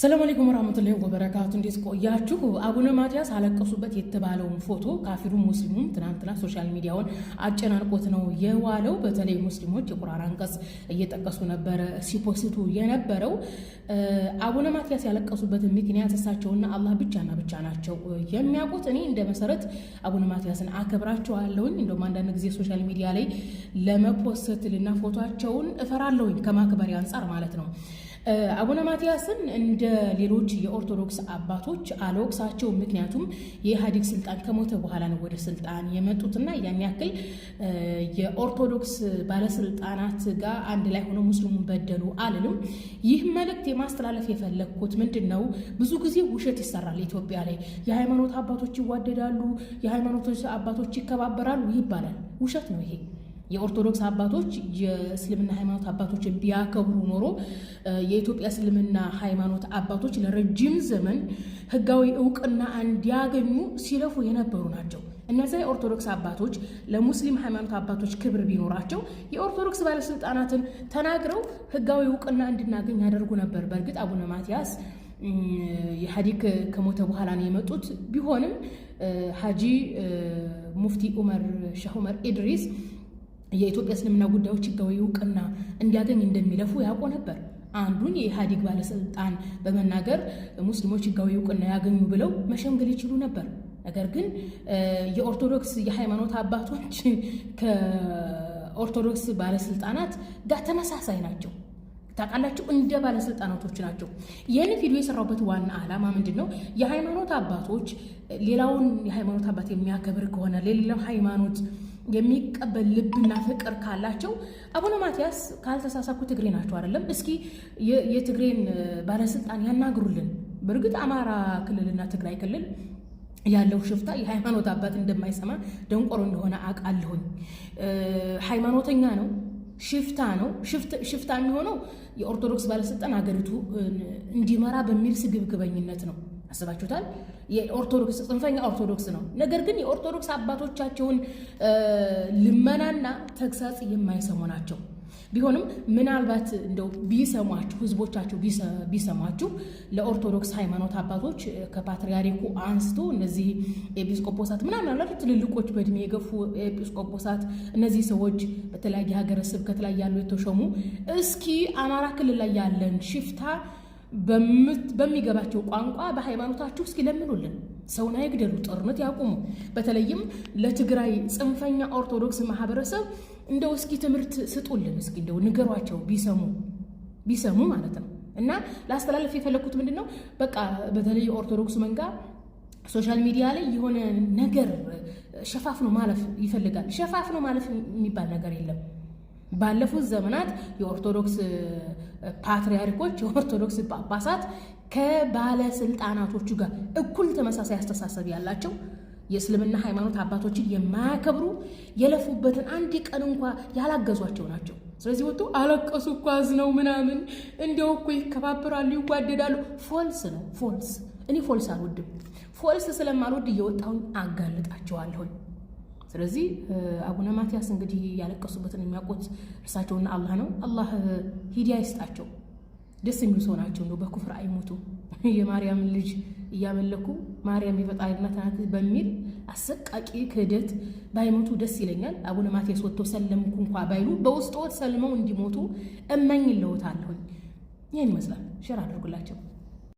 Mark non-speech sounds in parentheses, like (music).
ሰላም አለይኩም ወራህመቱላሂ ወበረካቱ። እንዴት ቆያችሁ? አቡነ ማትያስ አለቀሱበት የተባለውን ፎቶ ካፊሩ ሙስሊሙም ትናንትና ሶሻል ሚዲያውን አጨናንቆት ነው የዋለው። በተለይ ሙስሊሞች የቁርአን አንቀጽ እየጠቀሱ ነበረ ሲፖስቱ የነበረው። አቡነ ማትያስ ያለቀሱበት ምክንያት እሳቸውና አላህ ብቻና ብቻ ናቸው የሚያውቁት። እኔ እንደ መሰረት አቡነ ማትያስን አከብራቸዋለሁኝ። እንደውም አንዳንድ ጊዜ ሶሻል ሚዲያ ላይ ልና ፎቶቸውን እፈራለሁኝ ከማክበሬ አንጻር ማለት ነው አቡነ ማትያስን እንደ ሌሎች የኦርቶዶክስ አባቶች አለወቅሳቸው ምክንያቱም የኢህአዴግ ስልጣን ከሞተ በኋላ ነው ወደ ስልጣን የመጡትና ያን ያክል የኦርቶዶክስ ባለስልጣናት ጋር አንድ ላይ ሆነ ሙስሊሙን በደሉ አልልም። ይህ መልእክት የማስተላለፍ የፈለግኩት ምንድን ነው፣ ብዙ ጊዜ ውሸት ይሰራል ኢትዮጵያ ላይ። የሃይማኖት አባቶች ይዋደዳሉ፣ የሃይማኖት አባቶች ይከባበራሉ ይባላል። ውሸት ነው ይሄ። የኦርቶዶክስ አባቶች የእስልምና ሃይማኖት አባቶች ቢያከብሩ ኖሮ የኢትዮጵያ እስልምና ሃይማኖት አባቶች ለረጅም ዘመን ሕጋዊ እውቅና እንዲያገኙ ሲለፉ የነበሩ ናቸው። እነዚያ የኦርቶዶክስ አባቶች ለሙስሊም ሃይማኖት አባቶች ክብር ቢኖራቸው የኦርቶዶክስ ባለስልጣናትን ተናግረው ሕጋዊ እውቅና እንድናገኝ ያደርጉ ነበር። በእርግጥ አቡነ ማትያስ የሀዲክ ከሞተ በኋላ ነው የመጡት። ቢሆንም ሀጂ ሙፍቲ ዑመር ሻህ ዑመር ኢድሪስ የኢትዮጵያ እስልምና ጉዳዮች ህጋዊ እውቅና እንዲያገኝ እንደሚለፉ ያውቁ ነበር። አንዱን የኢህአዴግ ባለስልጣን በመናገር ሙስሊሞች ህጋዊ እውቅና ያገኙ ብለው መሸምገል ይችሉ ነበር። ነገር ግን የኦርቶዶክስ የሃይማኖት አባቶች (laughs) ከኦርቶዶክስ ባለስልጣናት ጋር ተመሳሳይ ናቸው። ታውቃላችሁ፣ እንደ ባለስልጣናቶች ናቸው። ይህን ቪዲዮ የሰራሁበት ዋና ዓላማ ምንድን ነው? የሃይማኖት አባቶች ሌላውን የሃይማኖት አባት የሚያከብር ከሆነ ለሌላው ሃይማኖት የሚቀበል ልብና ፍቅር ካላቸው አቡነ ማትያስ ካልተሳሳኩ ትግሬ ናቸው አይደለም? እስኪ የትግሬን ባለስልጣን ያናግሩልን። በእርግጥ አማራ ክልልና ትግራይ ክልል ያለው ሽፍታ የሃይማኖት አባት እንደማይሰማ ደንቆሮ እንደሆነ አውቃለሁኝ። ሃይማኖተኛ ነው፣ ሽፍታ ነው። ሽፍታ የሚሆነው የኦርቶዶክስ ባለስልጣን አገሪቱ እንዲመራ በሚል ስግብግበኝነት ነው። አስባችሁታል? የኦርቶዶክስ ጽንፈኛ ኦርቶዶክስ ነው። ነገር ግን የኦርቶዶክስ አባቶቻቸውን ልመናና ተግሳጽ የማይሰሙ ናቸው። ቢሆንም ምናልባት እንደው ቢሰሟችሁ ህዝቦቻችሁ ቢሰሟችሁ ለኦርቶዶክስ ሃይማኖት አባቶች ከፓትርያርኩ አንስቶ እነዚህ ኤጲስቆጶሳት ምናምን ትልልቆች በእድሜ የገፉ ኤጲስቆጶሳት እነዚህ ሰዎች በተለያየ ሀገረ ስብከት ላይ ያሉ የተሾሙ እስኪ አማራ ክልል ላይ ያለን ሽፍታ በሚገባቸው ቋንቋ በሃይማኖታችሁ እስኪ ለምኑልን። ሰውን አይግደሉ፣ ጦርነት ያቁሙ። በተለይም ለትግራይ ጽንፈኛ ኦርቶዶክስ ማህበረሰብ እንደው እስኪ ትምህርት ስጡልን፣ እስኪ እንደው ንገሯቸው፣ ቢሰሙ ቢሰሙ ማለት ነው። እና ላስተላለፍ የፈለግኩት ምንድን ነው፣ በቃ በተለይ ኦርቶዶክስ መንጋ ሶሻል ሚዲያ ላይ የሆነ ነገር ሸፋፍኖ ማለፍ ይፈልጋል። ሸፋፍኖ ማለፍ የሚባል ነገር የለም። ባለፉት ዘመናት የኦርቶዶክስ ፓትሪያርኮች የኦርቶዶክስ ጳጳሳት ከባለስልጣናቶቹ ጋር እኩል ተመሳሳይ አስተሳሰብ ያላቸው የእስልምና ሃይማኖት አባቶችን የማያከብሩ የለፉበትን አንድ ቀን እንኳ ያላገዟቸው ናቸው። ስለዚህ ወጥቶ አለቀሱ እኮ አዝነው ምናምን እንዲያው እኮ ይከባበራሉ፣ ይጓደዳሉ። ፎልስ ነው ፎልስ። እኔ ፎልስ አልወድም። ፎልስ ስለማልወድ እየወጣሁኝ አጋልጣቸዋለሁኝ። ስለዚህ አቡነ ማትያስ እንግዲህ ያለቀሱበትን የሚያውቁት እርሳቸውና አላህ ነው። አላህ ሂዲያ ይስጣቸው። ደስ የሚሉ ሰው ናቸው። ነው በኩፍር አይሞቱ። (laughs) የማርያም ልጅ እያመለኩ ማርያም የፈጣሪ እናት ናት በሚል አሰቃቂ ክህደት ባይሞቱ ደስ ይለኛል። አቡነ ማትያስ ወጥተው ሰለምኩ እንኳ ባይሉ በውስጦት ሰልመው እንዲሞቱ እመኝልዎታለሁኝ። ይህን ይመስላል። ሽር አድርጉላቸው።